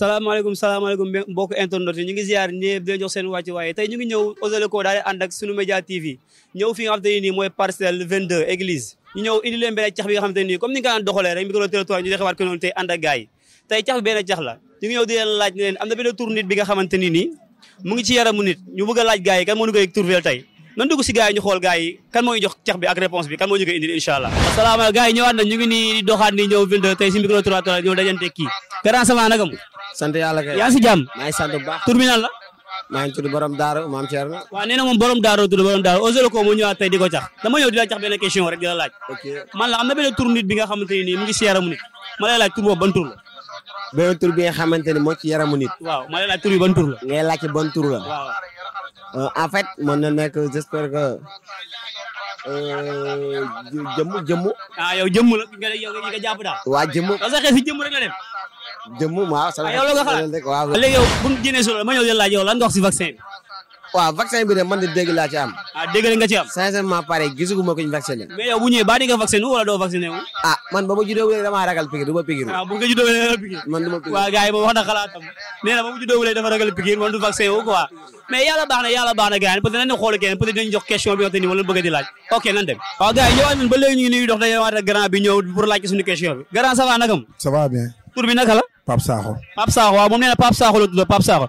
salaamaaleykum salaamaaleykum mbokk internet yi ñu ngi ziar ñëpp di jox seen wàcc waaye tey ñu ngi ñëw Osselico daal di TV ñëw fi nga xamante ne nii mooy parcelle 22 église ñu ñëw indi leen cax bi nga xamante ne nii comme ni nga ko daan doxalee rek micro territoire ñu dexewaat ko noonu tey ànd ak gars yi tey cax bi benn cax la ñu ngi ñëw di laaj ne leen am na nit bi nga xamante ni nii mu ngi ci yaramu nit ñu bëgg a laaj gars yi kan tey nan dugg si gars yi ak réponse bi kan moo ñu koy indil incha allah asalaamaaleykum gars yi ñëwaat na ñu ngi nii doxaat nii ñëw ville tey si micro trottoir ñëw dajante kii Grand Savane naka mu tur bi nan la borom daaro maam Thierno waaw nee na moom borom daaro tudd borom daaro Eaux et Locaux mu ñëwaat tey di cax dama ñëw di la cax benn question rek di la laaj man am na benn tur nit bi nga xamante mu ngi si yaramu nit ma lay tur bi nga Euh, en fait mën na nekk j'espère que jëmm euh, jëmm. ah yow la nga yow jàpp daal. waa jëmm parce que xëy si jëmm rek la dem. jëmm waaw. Ah, yow la nga xalaat waaw léegi yow bu si ma ñëw di laaj lan nga si vaccin waaw vaccin bi de man de dégg laa ci am. ah dégg nga ci am. sincèrement pare gisuguma kuñ vacciné. mais yow bu ñëwee baa di nga vacciné wala doo vacciné wu. ah man ba ma juddoo léegi dafa ragal piqûre man du vacciné wu quoi. mais yàlla baax na yàlla baax na gars yi peut xool kenn peut-être jox question bi nga xam ne wala laaj. ok nan dem. waaw gars yi yow ba léegi ñu ngi bi ñëw pour laaj suñu question bi. grand ça va nakam. bi naka la Pape Sakho Pape Sakho waaw moom nee la tudd Pape Sakho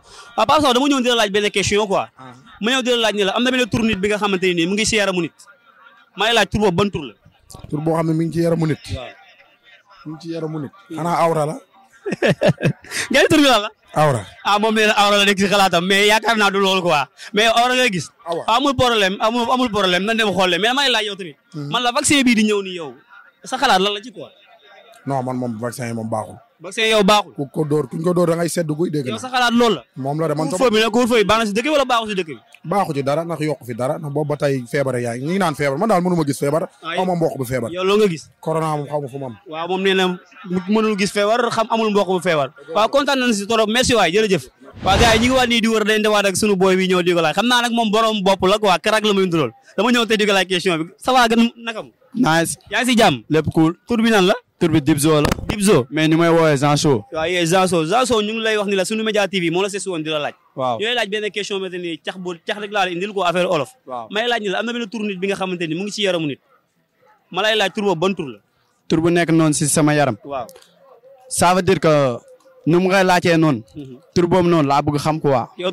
dama ñëw di laaj benn question quoi ah. ma ñëw di laaj ne la am na benn tur bi nga xamante mu ngi si yaramu nit may laaj tur boobu la tur boo xam ne mi ngi ci yaramu nit mu ngi ci yaramu nit xanaa awra la nga tur bi la awra ah moom nee na awra la nekk si xalaatam mais yaakaar naa du loolu quoi mais awra ngay gis amul problème amul amul problème nan dem mais may laaj yow tamit hmm. vaccin bii di ni yow sa xalaat la vaccin yow baaxul. ku ko dóor kuñ ko dóor da ngay sedd guy dégg. moom la de man sama bi nag couvre-feu bi baax na si dëkk bi wala baaxul si dëkk bi. baaxu ci dara moom di wër dañ dewaat ak booy bi ñëw di ko laaj naa nag moom borom bopp la quoi karak la muy dama ñëw tey di ko gan naka mu. nice yaa ngi si jàmm lépp bi nan la tur bi Dibzo la. Dibzo mais ñu may woowee Zanso. waaw yee Zanso Zanso ñu ngi lay wax ni la sunu média TV moo la seesi woon di laaj. waaw ñu lay laaj benn question bi ni cax bu cax rek laa la indil ko affaire olof. may laaj ni la am tur nit bi xamante ni mu ngi ci yaramu nit. ma laaj tur ban tur la. tur nekk noonu si sama yaram. waaw ça nu mu koy noon noonu. Mhm. tur noonu laa bëgg xam quoi. yow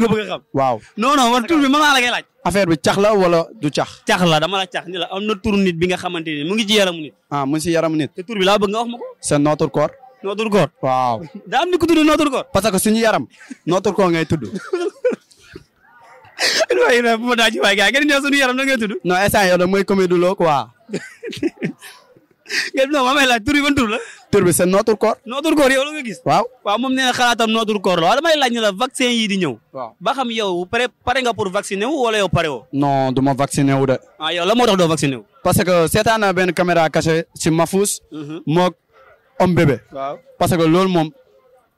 nga bëgg xam. waaw non non war tur bi mën naa la koy affaire bi cax la wala du cax. cax la dama la cax ni la am na tur nit bi nga xamante ni mu ngi ci yaram nit. ah mu ngi ci yaramu nit. te tur bi laa bëgg nga wax ma ko. c'est notre corps. waaw daa am ku tudd notre corps. parce que suñu yaram notre corps ngay tudd. waaye nag bu ma daa ci loo quoi. ngeen non ma may laaj tur bi ban tur la. tur bi c'est notre corps. notre corps yow la nga gis. waaw waaw moom nee xalaatam notre corps la waaw damay laaj ne la vaccin yii di ñëw. ba xam yow pare pare nga pour vacciner wu wala yow pare woo. non du ma vacciner de. ah yow la moo tax doo vacciner wu. parce que seetaan naa benn caméra cachée si Mafous. Mhm. moog homme parce que loolu moom.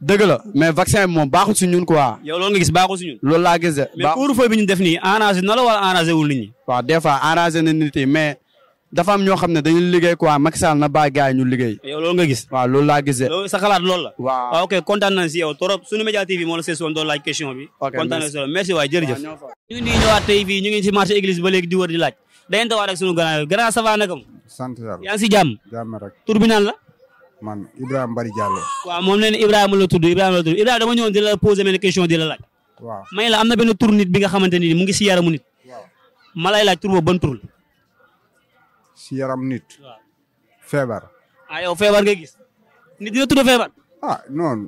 dëgg la mais vaccin bi moom baaxul si ñun quoi. yow loolu nga gis baaxul si ñun. loolu laa gis de. mais couvre-feu bi ñu def la wala arrangé wul nit ñi. waaw des fois arrangé na dafa am ñoo xam ne dañu liggéey quoi Macky Sall na bàyyi gars yi ñu liggéey. loolu nga gis. waaw loolu laa gisee. loolu sa xalaat loolu la. waaw waaw ah, ok kontaan nañ si yow trop Sunu Média TV moo la seesoon doon laaj question bi. merci waay jërëjëf. ñu ngi nii ñëwaat tey fii ñu ngi si marché église ba léegi di wër di laaj dañuy tawaat ak sunu gannaaw gannaaw ça va naka si jàmm. jàmm rek tur bi nan la. man Ibrahima Bari Diallo. waaw moom nee na Ibrahima la tudd la tudd Ibrahima dama ñëwoon di la poser benn question di la laaj. ngi si yaramu nit. waaw ma lay laaj tur boobu si yaram nit. feebar. ah yow feebar ngay gis. nit dina tudd feebar. ah non.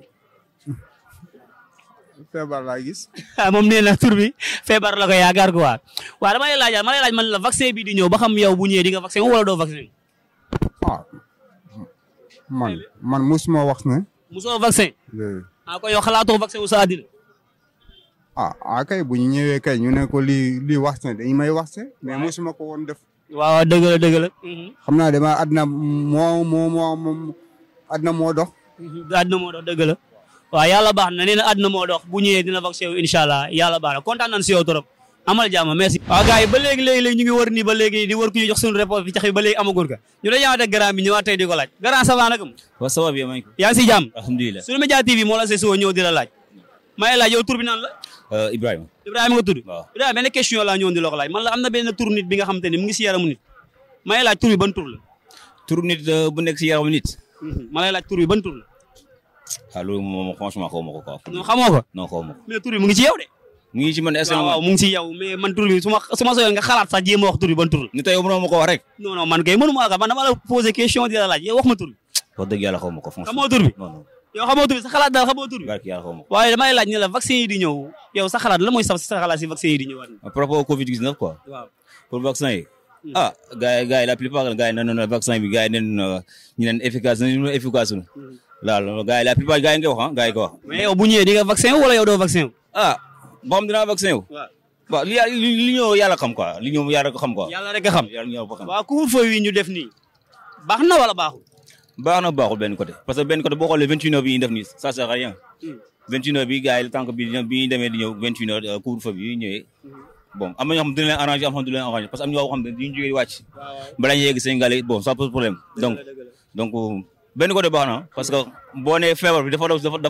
feebar laa gis. Ah, moom nee turbi tur bi feebar la ko yaakaar ko waa waaw laaj ma lay laaj man la vaccin bi di ñëw ba xam yow bu ñëwee di nga vaccin wala doo vaccin. ah man man mosuma wax ne. mosoo vaccin. ah kon yow xalaatoo vaccin ah ah kay bu ñu ñëwee kay ñu ne ko lii lii wax ne dañu may wax ne mais mosuma ko woon def. waaw dëgg la la. Mm-hmm. xam naa dama àddina moo moo moo àddina moo dox. Mm-hmm. àddina moo dox dëgg la. waaw yàlla baax na nee na àddina moo dox bu ñëwee dina vacciné wu incha allah yàlla baax na kontaan nañ si yow trop amal jàmm merci. waaw gars yi ñu ngi wër nii ba léegi di wër ku jox suñu réponse bi tax bi ba léegi amagul ka ñu dañu ñëwaat ak grand bi ñëwaat laaj grand ça va mu. waaw ça va si jàmm. alhamdulilah Sunu Média TV moo la see si woo la laaj. maa ngi laaj yow tur bi la. Uh, Ibrahima. Ibrahima nga tudd. waaw Ibrahima benn question laa ñëwoon di la ko laaj man la tur bi nga xamante ni mu ngi si yaramu nit. ma lay laaj tur bi ban tur la. tur nit uh, bu nekk si yaramu nit. Mhm. ma lay laaj tur bi ban tur la. ah loolu moom franchement xaw ma ko quoi. non xamoo mu ngi ci yow de. mu ngi ci man mu ngi ci yow man tur bi su ma su nga xalaat sax jéem a wax tur bi ban tur la. ni tey mënoo ma ko wax man kay mënu ma ko man dama la posé question di la laaj yow wax ma tur bi. wax dëgg yàlla xaw ma ko franchement tur bi yow xamoo tur bi sa xalaat daal xamoo tur bi waaye damay laaj ne la vaccin yi di ñëw yow sa xalaat la mooy sa sa xalaat si vaccin yi di ñëwaat à propos covid 19 quoi waaw pour vaccin yi hmm. ah gars yi gars la plupart gars yi nenoon vaccin bi gars yi nenoon euh, ñu neen efficace hmm. la plupart gars yi nga wax ah gars ko wax mais di nga vaccin wu wala yow doo vaccin wu ah ba xam dinaa li li ñëw yàlla xam quoi li ñëw yàlla ko xam quoi yàlla rek a xam yàlla ñëw ko xam waaw couvre-feu wi ñu def nii baax na wala baaxul baax na baaxul benn côté parce que benn côté boo xoolee vingt une heures bi ñuy def nii ça sert à rien hmm. vingt une heures bi gars yi tànk bi bi ñuy demee di ñëw vingt une euh, bi ñëwee hmm. bon am na ñoo xam xam ne du leen arrangé parce que am ñoo xam ne diñu jógee wàcc ah, bala ñu yegg Sénégal bon ça pose problème donc donc benn côté baax na parce que boo nee feebar bi dafa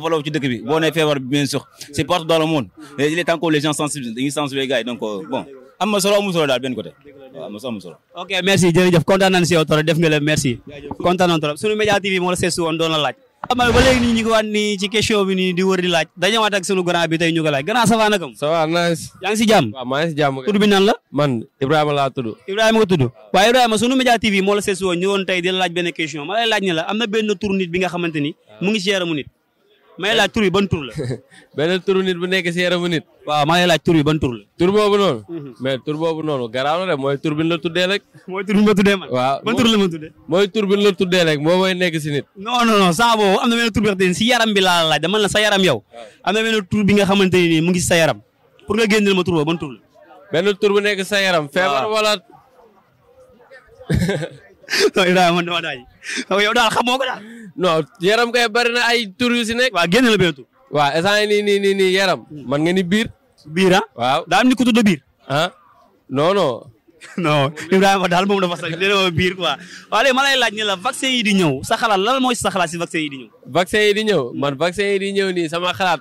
law ci dëkk bi boo ah. feebar bi bien c'est partout dans le monde hmm. il est temps am na solo amul solo daal benn côté waaw am na solo amul solo ok merci jërëjëf kontaan nañ si yow trop def nga leen merci kontaan nañ sunu média tv moo la seetsi woon di wër di laaj dañëwaat ak sunu grand bi ñu ko laaj grand ça va naka si jàmm waaw bi nan la man Ibrahima laa tudd Ibrahima nga tudd waaw Ibrahima sunu média tv moo la seetsi woon ñu woon tey di laaj benn question ma lay laaj ne la am na benn tur nit bi nga xamante mu ngi ci yaramu nit may laaj tur yi ban tur la. beneen turu nit bu nekk si yaramu nit. waaw may laaj tur la. tur boobu noonu. Mhm. mais tur boobu noonu garaaw la de mooy tur bi la tuddee rek. mooy tur bi la tuddee man. waaw ban tur la ma tuddee. mooy tur bi la tuddee rek mooy nekk si nit. non non am na benn tur nga xamante laa la laaj dama la yow. tur bi nga xamante ne mu ngi si sa yaram pour nga génneel ma tur boobu la. benn tur bu nekk sa yaram. feebar wala. non a man dama daaj yow daal xamoo ko daal. non yaram kay bari na ay tur yu si nekk. waaw génn la benn tur. waaw instant yaram. Hmm. man nga ni biir. biir ah. waaw daa am ni ku tudd biir. ah non non. non Ibrahima daal moom dafa sax dina ma biir quoi waaw léegi laaj ne la vaccin yi di ñëw sa xalaat lan mooy sa si vaccin yi di ñëw. vaccin yi di ñëw man vaccin yi di ñëw nii sama xalaat.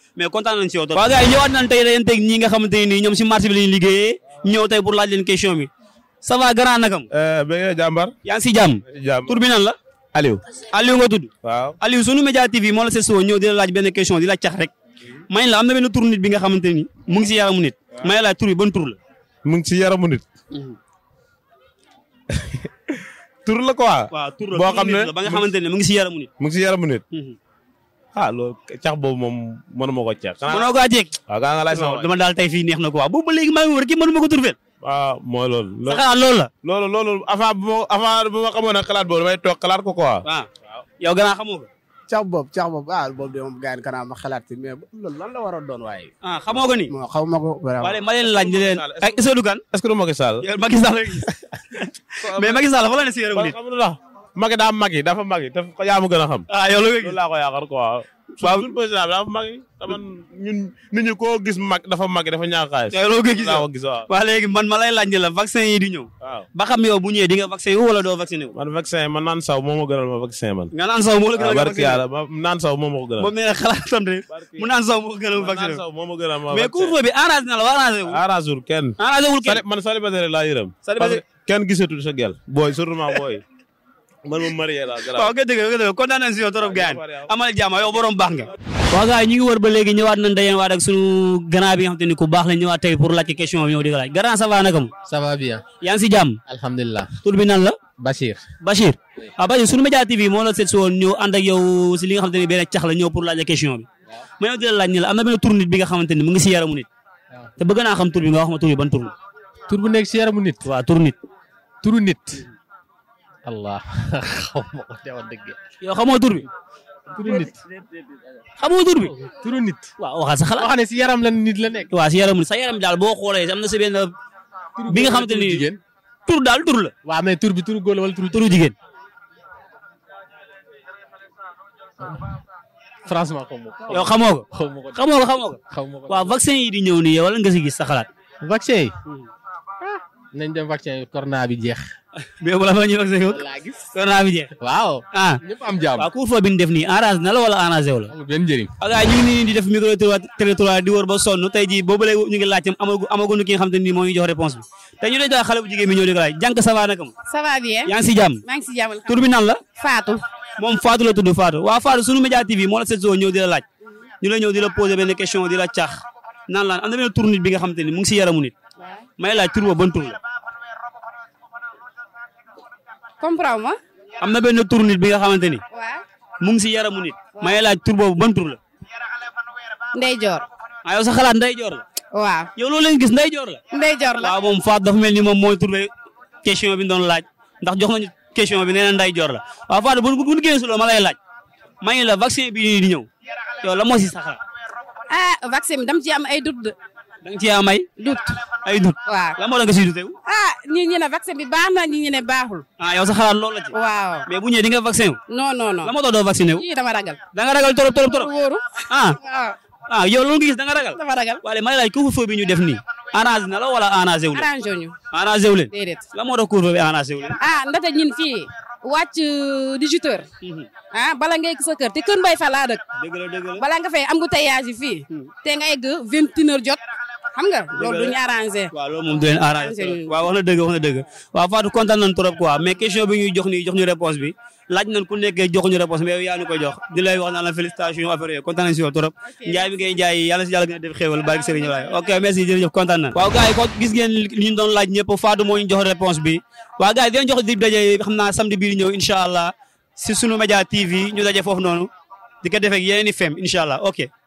mais kontaan nañ si yow. waaw gars yi ñëwaat nañ tey dañuy ñi nga xamante ne nii ñoom si marché bi la ñuy liggéeyee ñëw tey pour laaj leen question bi ça va grand nakam. Eh, ba ngeen eh, jàmbar. yaa ngi si jàmm. Eh, tur bi nan la. Aliou. Aliou nga tudd. waaw Aliou sunu média TV moo la seet soo ñëw di la laaj benn question di la cax rek. may la am na benn tur bi nga xamante ni mu ngi si yaramu nit. may la tur bi ban tur la. mu ngi si yara nit. Mhm. tur la quoi. waaw tur la mu ngi si yaramu mu ngi si yaramu nit. ah loolu cax boobu moom mënuma ko cax. Ah. mënoo kaa jég. waaw kaa nga laaj sama waay dama daal tey fii neex na quoi boobu ba léegi maa ngi wër kii mënuma ko turfeel. waaw ah, mooy loolu. loolu sax loolu la. loolu loolu avant bu ma avant bu ma xamoon ne xalaat boobu damay toog xalaat ko quoi. waaw ah. yow gannaaw xamoo ko. cax boobu cax boobu ah boobu de moom gars yi kanam ma xalaat ci mais loolu lan la war a doon waaye. ah xamoo ko ni. non xaw ma ko vraiment. wala ma leen laaj ni leen. est-ce que eh, du kan. est-ce que du Macky Sall. Macky Sall mais Macky Sall fa la ne si yërëm nit. magi daa magi dafa magi te yaa ma gën a xam. ah yow la nga gis laa ko yaakaar quoi. waaw suñ président bi dafa magi. dama ñun nit ñi koo gis mag dafa magi dafa ñaax xaalis. yow loo gis waaw gis waaw. waa léegi man ma lay laaj la vaccin yi di ñëw. waaw ba xam yow bu ñëwee di nga vaccin wu wala doo vacciné wu. man vaccin man naan saw moo ma gënal ma vaccin man. nga naan saw moo la gënal ma vaccin waaw barki yàlla naan saw moo ma ko gënal. moom nee na xalaatam de mu naan saw moo gënal ma vaccin. naan saw moo ma gënal ma vaccin mais couvre-feu bi arrangé na la waa arrangé wul. arrangé wul kenn. arrangé wul kenn man célibataire laa yërëm. kenn gisatul sa gel booy surtout booy man moom marié la waaw ok dëgg ok dëgg kontaan nañ si yow trop gaan amal jàmm yow borom baax nga waaw gars yi ñu ngi wër ba léegi ñëwaat nañ dayeen waat ak bi nga xam te ku baax la ñëwaat tey pour laajte laaj grand ça va naka mu ça va bien yaa si jàmm alhamdulilah tur bi nan la Bachir Bachir waaw ah, Bachir suñu média TV moo yow si li nga xam te ni benn cax la ñëw pour laajte ma ñëw di la laaj ni la am na benn bi nga xamante ni mu nga wax allah xaw ma ko teewoon dëgg yow xamoo tur bi. turu nit xamoo tur bi. turu nit. waaw waxal sa xalaat. wax ne si yaram la nit la nekk. waaw si yaram sa yaram daal boo xoolee am na sa benn. bi nga xamante ne nii tur daal tur la. waaw mais tur bi turu góor la wala turu jigéen. franchement xaw ma ko. yow xamoo ko. xaw ma ko xamoo ko xamoo ko. waaw vaccin yi di ñëw nii yow lan nga si gis sa xalaat. vaccin yi. Hmm. nañ dem vaccin corona bi jeex. mais bu la fa ñuy bi jeex. waaw. ah ñëpp am jàmm. def nii arrange na la wala arrangé wu la. amul benn njëriñ. waaw ah, ñu ngi nii di def micro territoire di wër ba sonn tey jii boobu léegi ñu ngi laajte amagu amaguñu ki nga moo ñu jox réponse bi te ñu doon jox xale bu jigéen ñoo di laaj jànk ça va naka si jàmm. maa nan la. Fatou. moom Fatou la tudd Fatou waaw sunu média TV moo la seet soo ñëw laaj ñu la ñëw di la bi nga xam te ni mu ngi si yaramu nit may laaj tur ba ban tur la. comprendre ma. am na benn tur nit bi nga xamante ni. waaw mu ngi si yaramu nit. may laaj tur boobu la. ndeyjoor. ah yow sa xalaat ndeyjoor la. waaw yow loolu leen gis ndeyjoor la. la waaw moom Fatou dafa mel ni moom mooy tur be bi ñu doon laaj ndax jox nañu question bi nee na ndeyjoor la waaw Fatou bu bu génnee si loolu ma laaj. maa la vaccin bi nii di ñëw la moo si sa xalaat. Ah, bi dama ci am ay da nga ciy amay. dut ay dut. waaw lan moo tax nga ah, bi baax na ñi ñu ne baaxul. ah yow sa xalaat loolu la ci. waaw mais bu ñëwee di nga vaccin no non non non lan moo tax doo vacciné wu. dama ragal. da nga ragal torop torop torop. wóoru ah. ah yow loolu da nga ragal. dama ragal waaye ma laaj couvre bi ñu def nii. arrangé na la wala arrangé wu leen. arrangé wu ñu. arrangé wu leen. déedéet moo tax couvre-feu bi arrangé wu leen. ah ndaxte ñun fii. wàcc 18 euh, heures. Mhm. ah bala ngay sa kër te kër Mbaye Fall laa dëkk. la dëgg la bala nga fay am nga tayage yi fii. Mhm. te nga egg 21 xam nga loolu duñu arrangé. waaw loolu moom du leen arrangé waaw wax na dëgg wax na dëgg waaw Fatou kontaan nañ trop quoi mais question bi ñuy jox nii jox ñu réponse bi laaj nañ ku nekkee jox ñu réponse mais yow ko jox di wax naan la félicitation affaire yooyu kontaan si yow trop njaay bi ngay jaay yàlla si yàlla gën a def xéewal barki sëriñ waay ok merci jërëjëf kontaan na waaw gars ko gis ngeen li ñu doon laaj ñëpp Fatou moo ñu jox réponse bi waaw gars yi jox di daje xam naa samedi bii ñëw incha si sunu média TV ñu daje foofu noonu di ko defee yeneen i incha allah ok